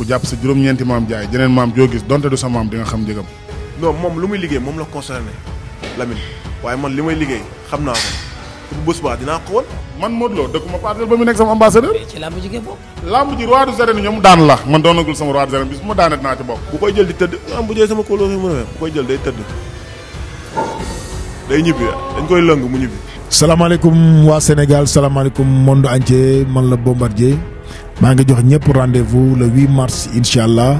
bu jàpp sa juróom-ñeenti maam jaay jeneen maam joo gis donte du sa maam di nga xam njëgam. non moom lu muy liggéey moom la concerné Lamine waaye man li may liggéey xam naa ko te bu bés baa dinaa ko man Modou Lo dëkk ma partenaire ba mu nekk sama ambassadeur. ci làmb ji ngeen bokk. ji roi des daan la man doonagul sama roi des arènes bis bu ma koy jël di tëdd am ah, bu sama kóoloo fi mu ne bu koy jël day tëdd day ñibbi dañ koy lëng mu ñibbi. salaamaaleykum waa Sénégal salaamaaleykum monde entier man la Bombardier maa ngi jox ñëpp rendez-vous le 8 mars incha allah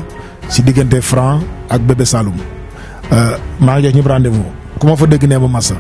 si diggante Franc ak Bébé Saloum euh, maa ngi jox ñëpp rendez-vous ku ma fa dëgg nee ma massa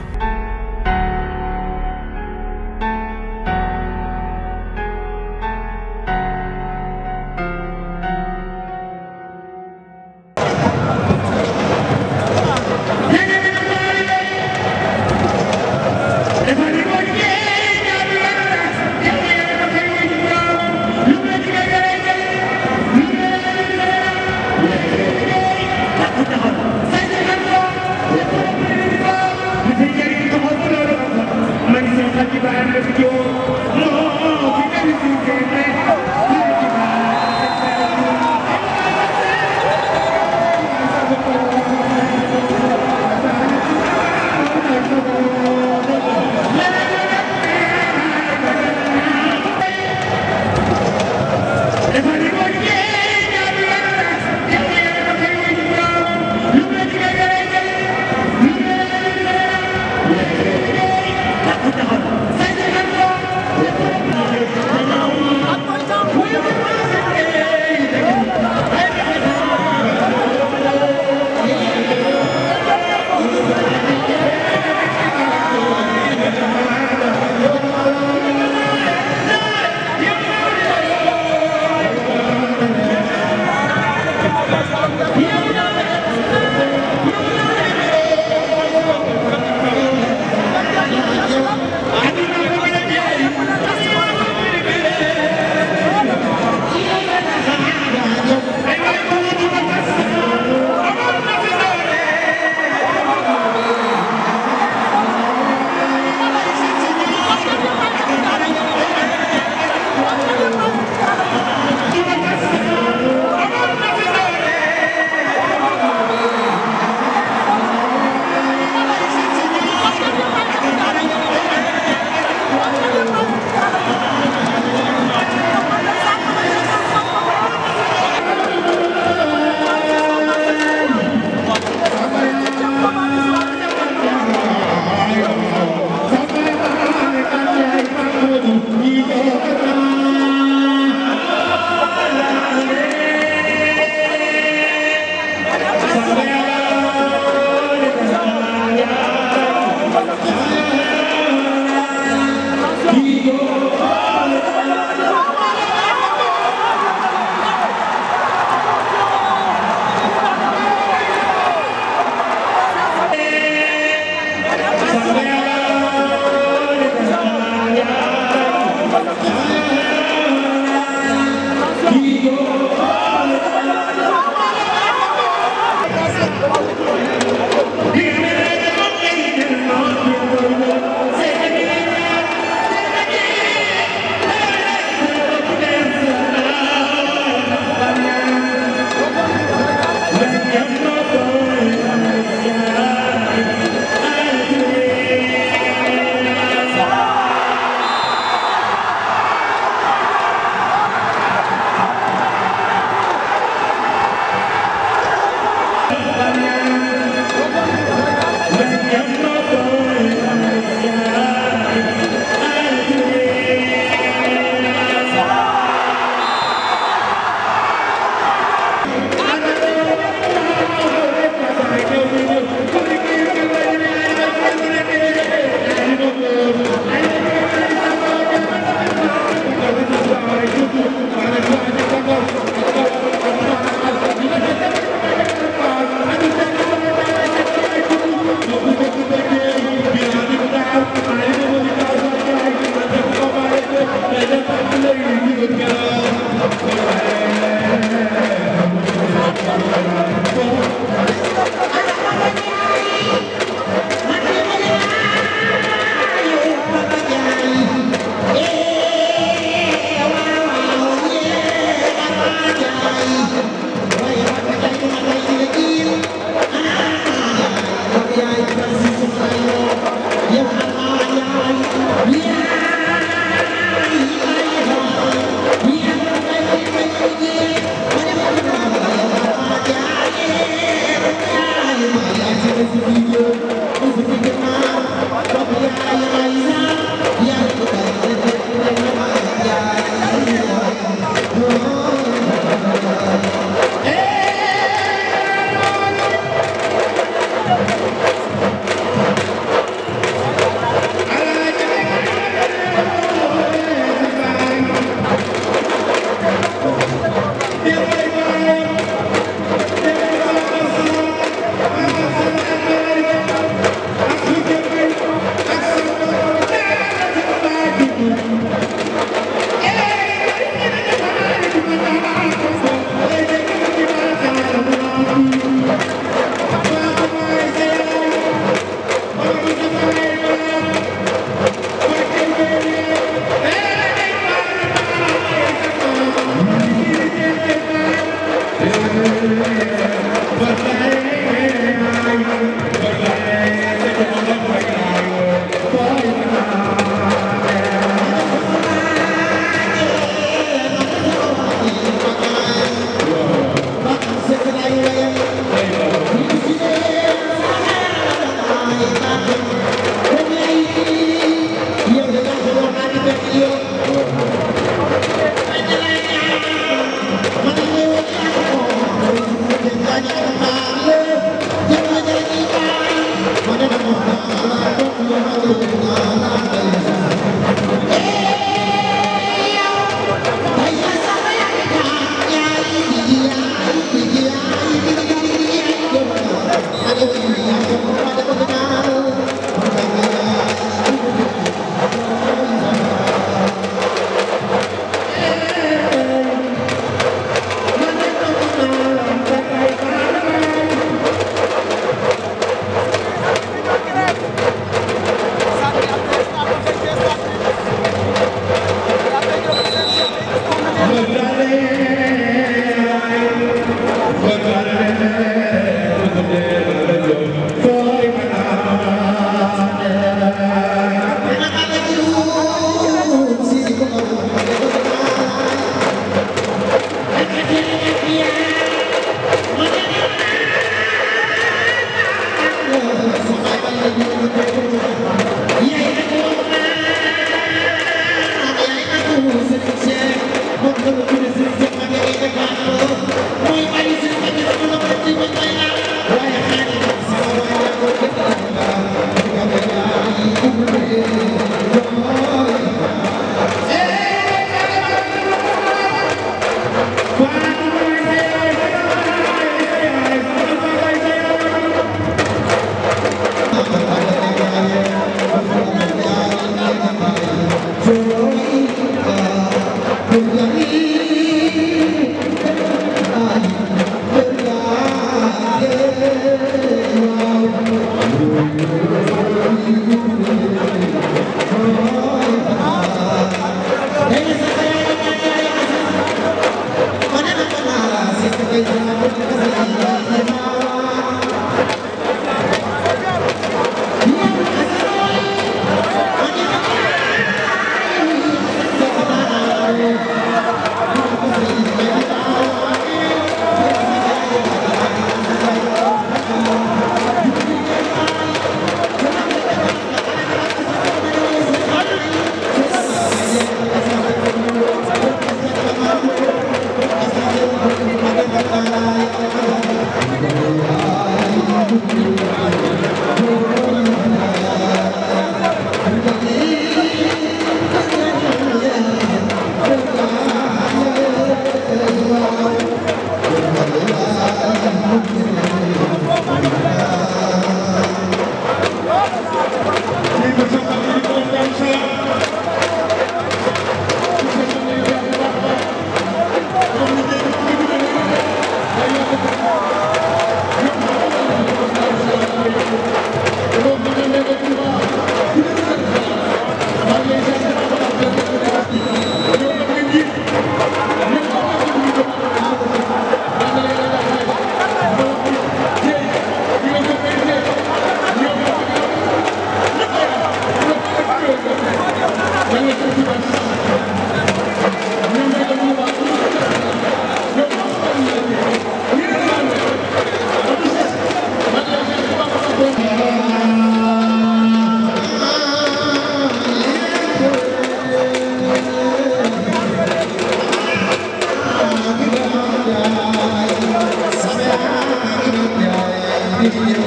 Thank you.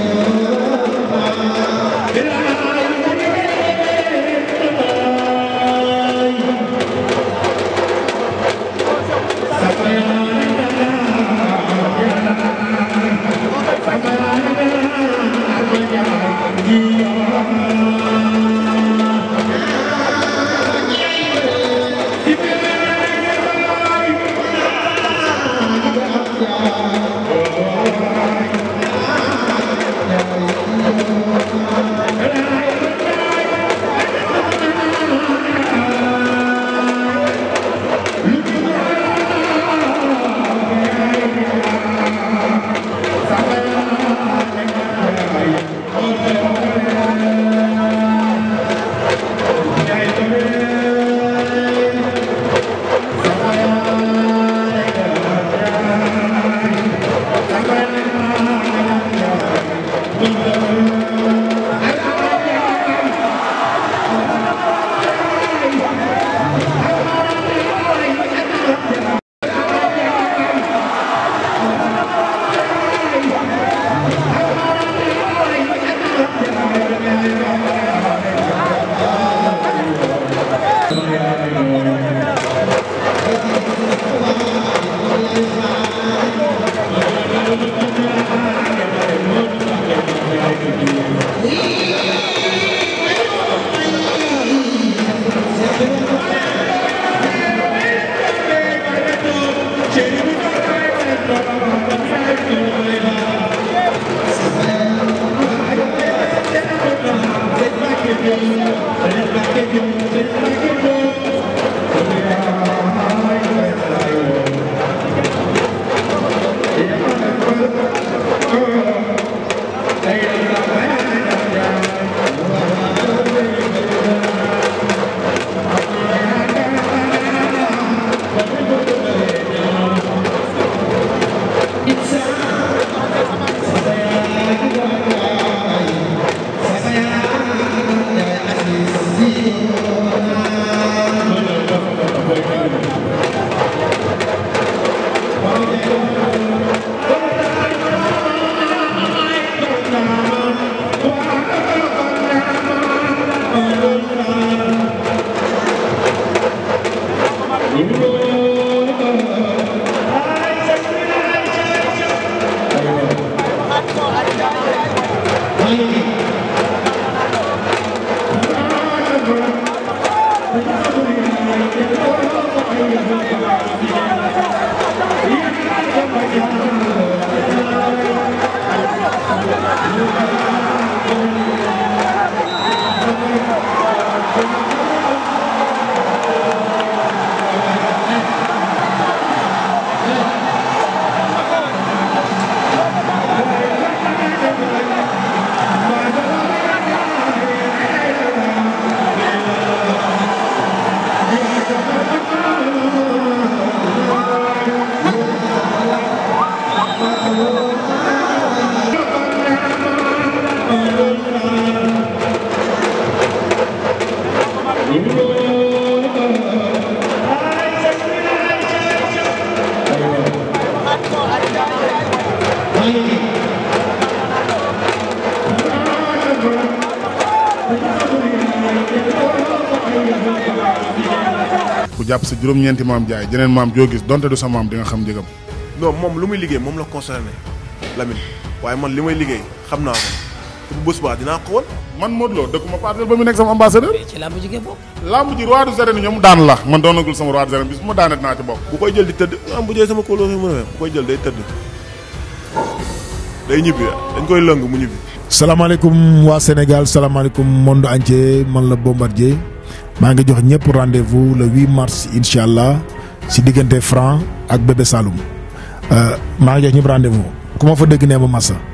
respecté Thank you. ku jàpp sa juróom-ñeenti maam jaay jeneen maam joo gis donte du sa maam di nga xam njëgam. non moom lu muy liggéey moom la concerné Lamine waaye man li may liggéey xam naa ko te bu bés baax dinaa ko wan. man Modou Lo dëkkuma partenaire ba mu nekk sama ambassadeur. ci làmb ji ngeen ji roi des arènes ñoom daan la man doonagul sama roi des arènes bis bu ma daanet naa ci bokk. bu koy jël di tëdd am bu jëlee sama kóoloo fi mu ne bu koy jël day tëdd. day ñibbi dañ koy lëng mu ñibbi. salaamaaleykum waa Sénégal salaamaaleykum monde entier man la Bombardier maa ngi jox ñëpp rendez-vous le 8 mars incha allah si diggante Franc ak Bébé Saloum euh, maa ngi jox ñëpp rendez ku ma fa dégg nee ma Massa.